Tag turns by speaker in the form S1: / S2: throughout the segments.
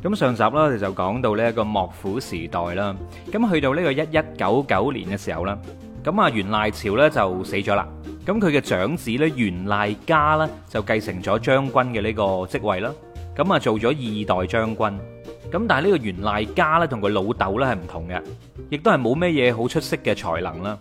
S1: 咁上集呢，就講到呢一個幕府時代啦。咁去到呢個一一九九年嘅時候啦，咁啊源賴朝咧就死咗啦。咁佢嘅長子咧源賴家咧就繼承咗將軍嘅呢個職位啦，咁啊做咗二代將軍。咁但係呢個源賴家咧同佢老豆咧係唔同嘅，亦都係冇咩嘢好出色嘅才能啦，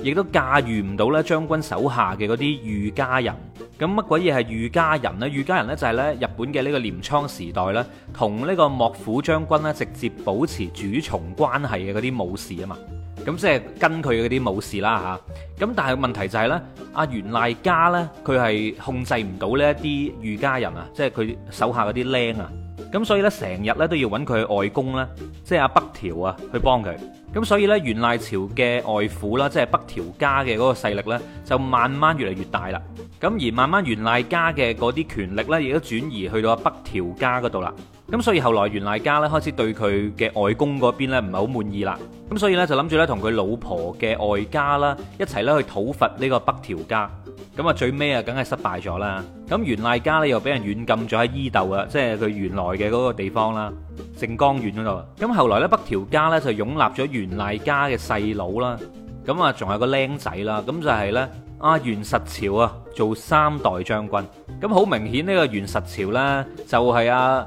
S1: 亦都駕馭唔到咧將軍手下嘅嗰啲御家人。咁乜鬼嘢係御家人咧？御家人咧就係咧日本嘅呢個鐮倉時代咧，同呢個幕府將軍咧直接保持主從關係嘅嗰啲武士啊嘛。咁即係跟佢嗰啲武士啦嚇。咁但係問題就係、是、咧，阿源賴家咧佢係控制唔到呢啲御家人啊，即係佢手下嗰啲僆啊。咁所以呢，成日呢都要揾佢外公啦，即係阿北條啊，去幫佢。咁所以呢，元賴朝嘅外父啦，即係北條家嘅嗰個勢力呢，就慢慢越嚟越大啦。咁而慢慢元賴家嘅嗰啲權力呢，亦都轉移去到阿北條家嗰度啦。咁所以後來源賴家咧開始對佢嘅外公嗰邊咧唔係好滿意啦。咁所以咧就諗住咧同佢老婆嘅外家啦一齊咧去討伐呢個北條家。咁啊最尾啊，梗係失敗咗啦。咁源賴家咧又俾人軟禁咗喺伊豆啊，即係佢原來嘅嗰個地方啦，靜岡縣嗰度。咁後來咧北條家咧就擁立咗源賴家嘅細佬啦。咁啊仲有個僆仔啦。咁就係咧阿源實朝啊做三代將軍。咁好明顯呢個源實朝咧就係啊。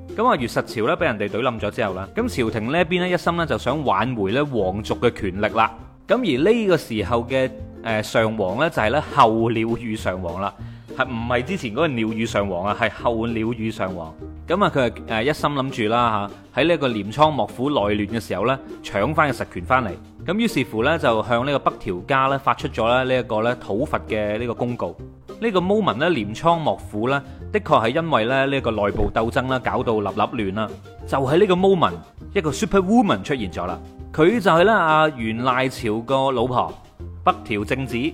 S1: 咁啊，源實朝咧俾人哋隊冧咗之後啦，咁朝廷呢邊呢一心呢就想挽回咧皇族嘅權力啦。咁而呢個時候嘅誒上皇呢，就係咧後鳥羽上皇啦，係唔係之前嗰個鳥羽上皇啊？係後鳥羽上皇。咁啊，佢一心諗住啦嚇，喺呢個鐮倉幕府內亂嘅時候呢，搶翻個實權翻嚟。咁於是乎呢，就向呢個北條家呢發出咗咧呢一個呢討伐嘅呢個公告。呢、這個 moment 咧鎌倉幕府咧，的確係因為咧呢個內部鬥爭啦，搞到立立亂啦。就喺、是、呢個 moment，一個 superwoman 出現咗啦。佢就係咧阿源賴朝個老婆北條正子。咁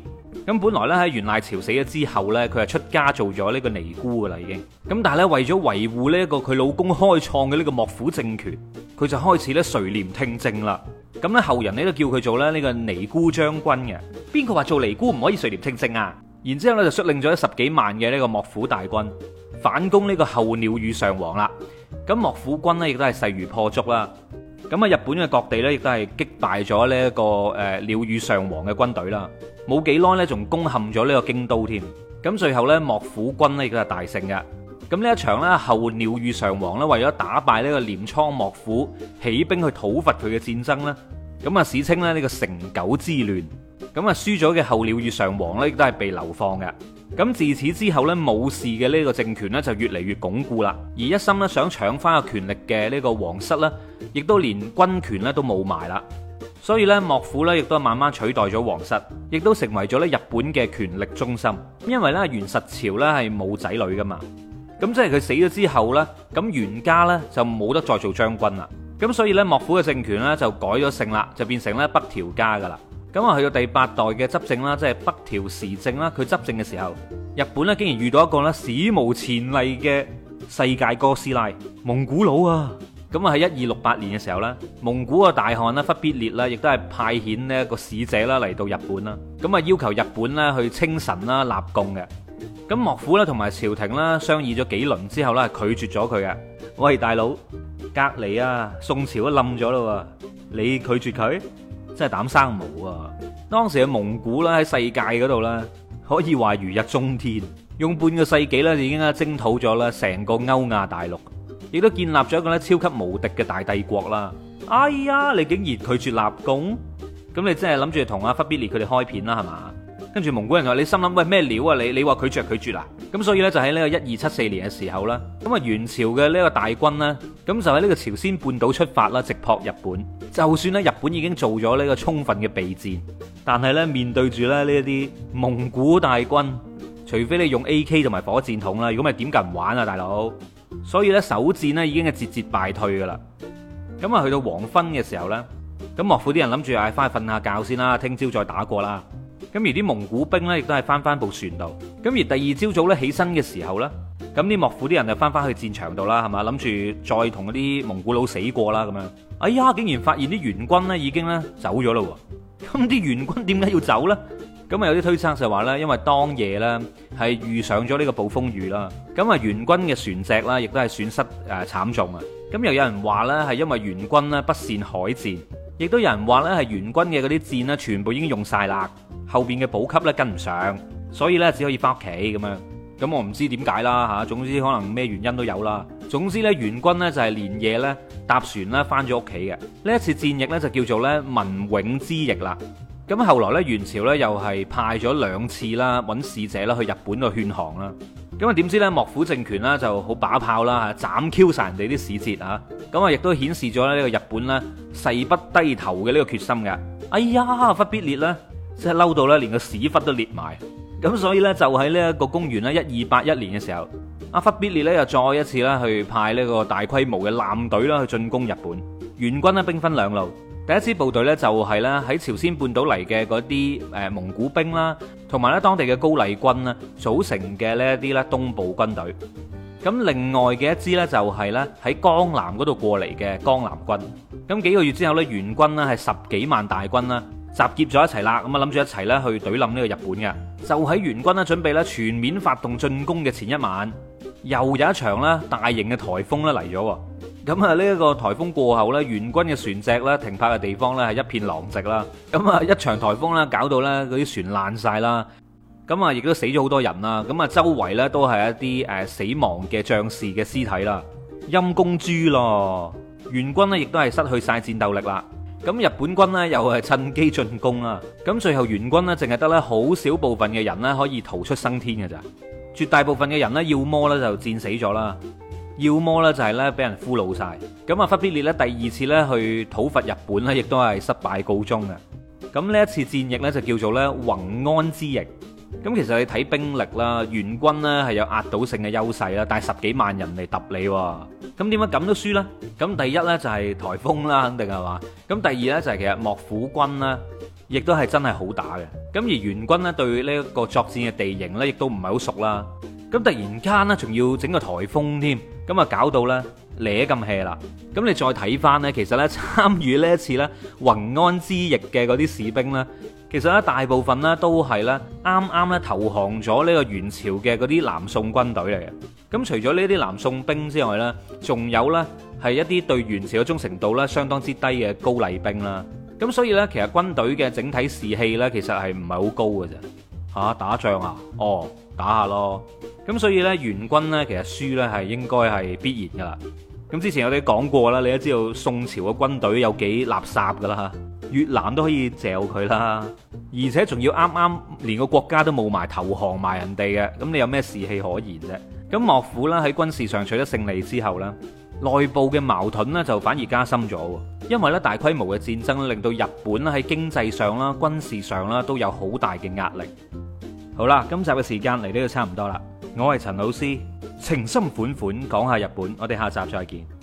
S1: 本來咧喺源賴朝死咗之後咧，佢係出家做咗呢個尼姑㗎啦已經。咁但係咧為咗維護呢一個佢老公開創嘅呢個幕府政權，佢就開始咧垂簾聽政啦。咁咧後人咧都叫佢做咧呢個尼姑將軍嘅。邊個話做尼姑唔可以垂簾聽政啊？然之後咧就率領咗十幾萬嘅呢個幕府大軍反攻呢個後鳥羽上皇啦，咁幕府軍呢亦都係勢如破竹啦，咁啊日本嘅各地呢、這個，亦都係擊敗咗呢一個誒鳥羽上皇嘅軍隊啦，冇幾耐呢，仲攻陷咗呢個京都添，咁最後呢，幕府軍呢，亦都係大勝嘅，咁呢一場呢後鳥羽上皇呢，為咗打敗呢個鎌倉幕府起兵去討伐佢嘅戰爭啦。咁啊史稱咧呢個承久之亂。咁啊，輸咗嘅後鳥羽上皇咧，亦都係被流放嘅。咁自此之後呢，武士嘅呢個政權呢就越嚟越鞏固啦。而一心呢，想搶翻個權力嘅呢個皇室呢，亦都連軍權呢都冇埋啦。所以呢，幕府呢，亦都慢慢取代咗皇室，亦都成為咗呢日本嘅權力中心。因為呢，源實朝呢係冇仔女噶嘛，咁即係佢死咗之後呢，咁源家呢就冇得再做將軍啦。咁所以呢，幕府嘅政權呢就改咗姓啦，就變成咧北條家噶啦。咁啊，去到第八代嘅執政啦，即係北條時政啦，佢執政嘅時候，日本咧竟然遇到一個咧史無前例嘅世界哥斯拉蒙古佬啊！咁啊喺一二六八年嘅時候咧，蒙古嘅大汗啦忽必烈啦，亦都係派遣一個使者啦嚟到日本啦，咁啊要求日本咧去稱臣啦納貢嘅。咁幕府咧同埋朝廷咧商議咗幾輪之後咧，係拒絕咗佢嘅。喂大佬，隔離啊，宋朝都冧咗嘞喎，你拒絕佢？真係膽生毛啊！當時嘅蒙古啦，喺世界嗰度啦，可以話如日中天。用半個世紀啦，已經啊徵討咗啦成個歐亞大陸，亦都建立咗一個咧超級無敵嘅大帝國啦。哎呀，你竟然拒絕納貢？咁你真係諗住同阿忽必烈佢哋開片啦，係嘛？跟住蒙古人就話你心諗，喂，咩料啊？你你話佢著佢絕啦咁、啊、所以呢，就喺、是、呢個一二七四年嘅時候啦，咁啊元朝嘅呢個大軍呢，咁就喺呢個朝鮮半島出發啦，直撲日本。就算呢，日本已經做咗呢個充分嘅備戰，但係呢，面對住咧呢一啲蒙古大軍，除非你用 AK 同埋火箭筒啦，如果唔係點唔玩啊大佬？所以呢，首戰呢已經係節節敗退噶啦。咁啊去到黃昏嘅時候呢，咁幕府啲人諗住唉翻去瞓下覺先啦，聽朝再打過啦。咁而啲蒙古兵咧，亦都係翻翻部船度。咁而第二朝早咧起身嘅時候呢，咁啲幕府啲人就翻翻去戰場度啦，係嘛？諗住再同嗰啲蒙古佬死過啦咁樣。哎呀，竟然發現啲元軍呢已經咧走咗喇喎！咁啲元軍點解要走呢？咁啊有啲推測就話呢，因為當夜呢係遇上咗呢個暴風雨啦。咁啊元軍嘅船隻啦，亦都係損失誒慘重啊。咁又有人話呢，係因為元軍呢不善海戰。亦都有人話咧，係元軍嘅嗰啲箭呢全部已經用晒啦，後邊嘅補給呢跟唔上，所以呢只可以翻屋企咁樣。咁我唔知點解啦嚇，總之可能咩原因都有啦。總之呢元軍呢就係連夜呢搭船呢翻咗屋企嘅。呢一次戰役呢，就叫做咧文永之役啦。咁後來呢，元朝呢又係派咗兩次啦，揾使者啦去日本度勸降啦。咁啊，點知咧？幕府政權啦，就好把炮啦嚇，斬 Q 晒人哋啲使節啊！咁啊，亦都顯示咗咧呢個日本咧誓不低頭嘅呢個決心㗎。哎呀，忽必烈咧即係嬲到咧，連個屎忽都裂埋。咁所以咧，就喺呢一個公元咧一二八一年嘅時候，阿忽必烈咧又再一次呢去派呢個大規模嘅艦隊啦去進攻日本，元軍呢，兵分兩路。第一支部隊呢，就係咧喺朝鮮半島嚟嘅嗰啲誒蒙古兵啦，同埋咧當地嘅高麗軍啦組成嘅呢一啲咧東部軍隊。咁另外嘅一支呢，就係咧喺江南嗰度過嚟嘅江南軍。咁幾個月之後呢，元軍呢係十幾萬大軍啦，集結咗一齊啦，咁啊諗住一齊咧去懟冧呢個日本嘅。就喺元軍呢準備咧全面發動進攻嘅前一晚，又有一場咧大型嘅台風咧嚟咗。咁啊，呢一個颱風過後呢，元軍嘅船隻咧停泊嘅地方咧係一片狼藉啦。咁啊，一場颱風啦，搞到咧嗰啲船爛曬啦。咁啊，亦都死咗好多人啦。咁啊，周圍咧都係一啲誒死亡嘅將士嘅屍體啦。陰公豬咯，元軍呢，亦都係失去曬戰鬥力啦。咁日本軍呢，又係趁機進攻啦。咁最後元軍呢，淨係得咧好少部分嘅人呢，可以逃出生天嘅咋。絕大部分嘅人呢，要麼呢，就戰死咗啦。要麼咧就係咧俾人俘虜晒，咁啊，忽必烈咧第二次咧去討伐日本咧，亦都係失敗告終嘅。咁呢一次戰役咧就叫做咧弘安之役。咁其實你睇兵力啦，元軍咧係有壓倒性嘅優勢啦，但係十幾萬人嚟揼你，咁點解咁都輸咧？咁第一咧就係颱風啦，肯定係嘛？咁第二咧就係其實幕府軍咧，亦都係真係好打嘅。咁而元軍咧對呢一個作戰嘅地形咧，亦都唔係好熟啦。咁突然間咧，仲要整個颱風添，咁啊搞到咧，攣咁氣啦。咁你再睇翻咧，其實咧參與呢一次咧，雲安之役嘅嗰啲士兵咧，其實咧大部分咧都係咧啱啱咧投降咗呢個元朝嘅嗰啲南宋軍隊嚟嘅。咁除咗呢啲南宋兵之外咧，仲有咧係一啲對元朝嘅忠誠度咧相當之低嘅高麗兵啦。咁所以咧，其實軍隊嘅整體士氣咧，其實係唔係好高嘅啫。嚇打仗啊，哦打下咯～咁所以呢元軍呢，其實輸呢係應該係必然噶啦。咁之前我哋講過啦，你都知道宋朝嘅軍隊有幾垃圾噶啦，越南都可以嚼佢啦，而且仲要啱啱連個國家都冇埋投降埋人哋嘅，咁你有咩士氣可言啫？咁幕府呢喺軍事上取得勝利之後呢，內部嘅矛盾呢就反而加深咗，因為呢大規模嘅戰爭令到日本呢喺經濟上啦、軍事上啦都有好大嘅壓力。好啦，今集嘅時間嚟呢就差唔多啦。我係陳老師，情深款款講下日本，我哋下集再見。